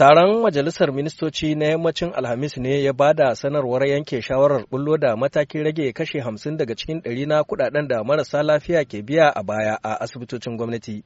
Taron Majalisar Ministoci na yammacin Alhamis ne ya ba da sanarwar yanke shawarar bullo da matakin rage kashe hamsin daga cikin ɗari na kuɗaɗen da marasa lafiya ke biya a baya a asibitocin gwamnati.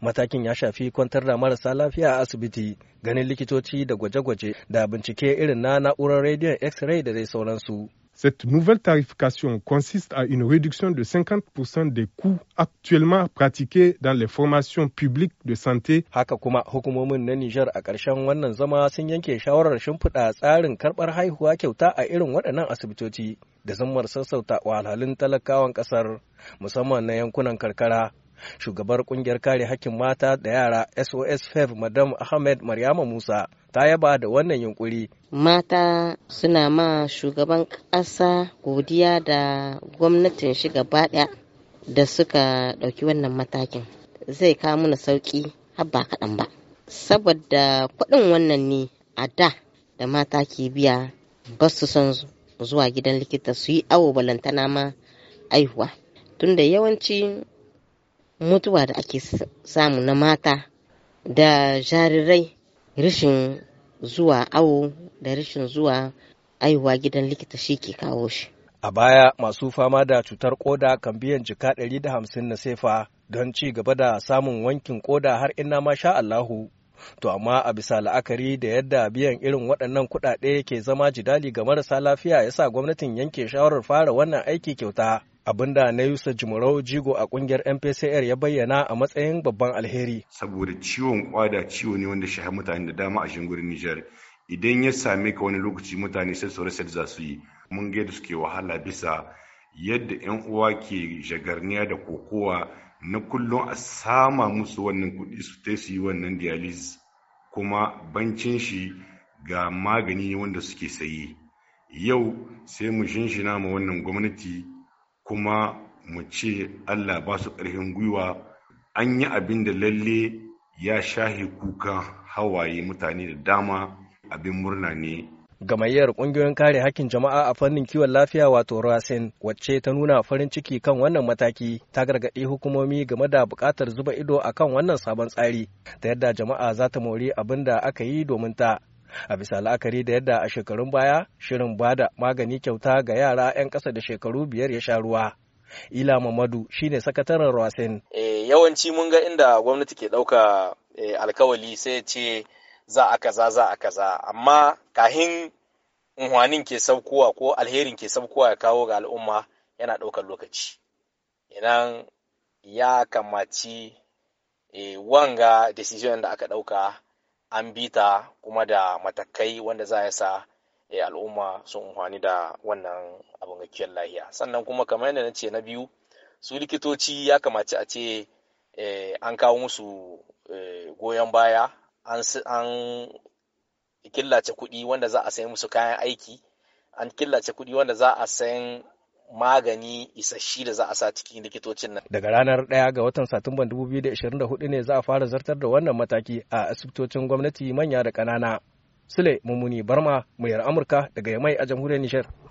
Matakin ya shafi kwantar da marasa lafiya a asibiti, ganin likitoci da gwaje-gwaje da bincike irin na na'urar rediyon X-ray da dai sauransu. Cette nouvelle tarification consiste à une réduction de 50% des coûts actuellement pratiqués dans les formations publiques de santé. Haka kuma hukumomin na Niger a ƙarshen wannan zama sun yanke shawarar shimfiɗa tsarin karɓar haihuwa kyauta a irin waɗannan asibitoci da zammar sassauta wahalhalun talakawan ƙasar musamman na yankunan karkara. shugabar kungiyar kare hakkin mata da yara sos fev madam ahmed maryama musa ta yaba da wannan yunkuri mata suna ma shugaban ƙasa godiya da gwamnatin shiga gaba ɗaya da suka ɗauki wannan matakin zai kawo mana sauƙi har ba kaɗan ba saboda kuɗin wannan ne a da da mata ke biya ba su son zuwa gidan likita su yi awo balantana ma aihuwa tunda yawanci mutuwa da ake samu na mata da jarirai rashin zuwa awo da rashin zuwa aihuwa gidan likita shi ke kawo shi. A baya masu fama da cutar koda kan biyan jika 150 na sefa don ci gaba da samun wankin koda har ina ma sha Allahu. To amma a bisa la'akari da yadda biyan irin waɗannan kuɗaɗe ke zama jidali ga marasa lafiya yasa gwamnatin yanke shawarar fara wannan aiki kyauta. abinda na yusa jimurau jigo a kungiyar mpcr ya bayyana a matsayin babban alheri saboda ciwon kwada ciwo ne wanda shahar mutane da dama a shingurin nijar idan ya same ka wani lokaci mutane sai su rasa za su yi mun ga suke wahala bisa yadda yan uwa ke shagarniya da kokowa na kullum a sama musu wannan kuɗi su ta su yi wannan dialysis kuma bancin shi ga magani wanda suke sayi yau sai mu shinshina ma wannan gwamnati kuma mu ce Allah ba su ƙarfin gwiwa an yi abin da lalle ya shahi kuka hawaye mutane da dama abin murna ne gamayyar ƙungiyoyin kare hakkin jama'a a fannin kiwon lafiya wato rasin wacce ta nuna farin ciki kan wannan mataki ta gargaɗi hukumomi game da buƙatar zuba ido a kan wannan sabon tsari ta yadda jama'a za ta mori abin da aka yi domin ta a bisa la'akari da yadda a shekarun baya shirin bada magani kyauta ga yara 'yan ƙasa da shekaru biyar ya sha ruwa ila mamadu shine sakataren rasin e, eh, yawanci mun ga inda gwamnati ke ɗauka e, alkawali sai ce za a kaza za a kaza amma kahin unhwanin ke saukowa ko alherin ke saukowa ya kawo ga al'umma yana ɗaukar lokaci idan ya kamaci e, wanga decision da aka ɗauka an bi ta kuma da matakai wanda za ya sa eh, al'umma sun amfani da wannan abin gakiyar lahiya sannan kuma kamar yadda na ce na biyu su likitoci ya kamace a ce eh, an kawo musu eh, goyon baya an killace kuɗi wanda za a sayi musu kayan aiki an killace kuɗi wanda za a sayan magani isasshi da za a sa cikin likitocin nan. Daga ranar 1 ga watan Satumban 2024 ne za a fara zartar da wannan mataki a asibitocin gwamnati manya da ƙanana. Sule Mummuni Barma, muyar Amurka daga Yamai a jamhuriyar Nijar.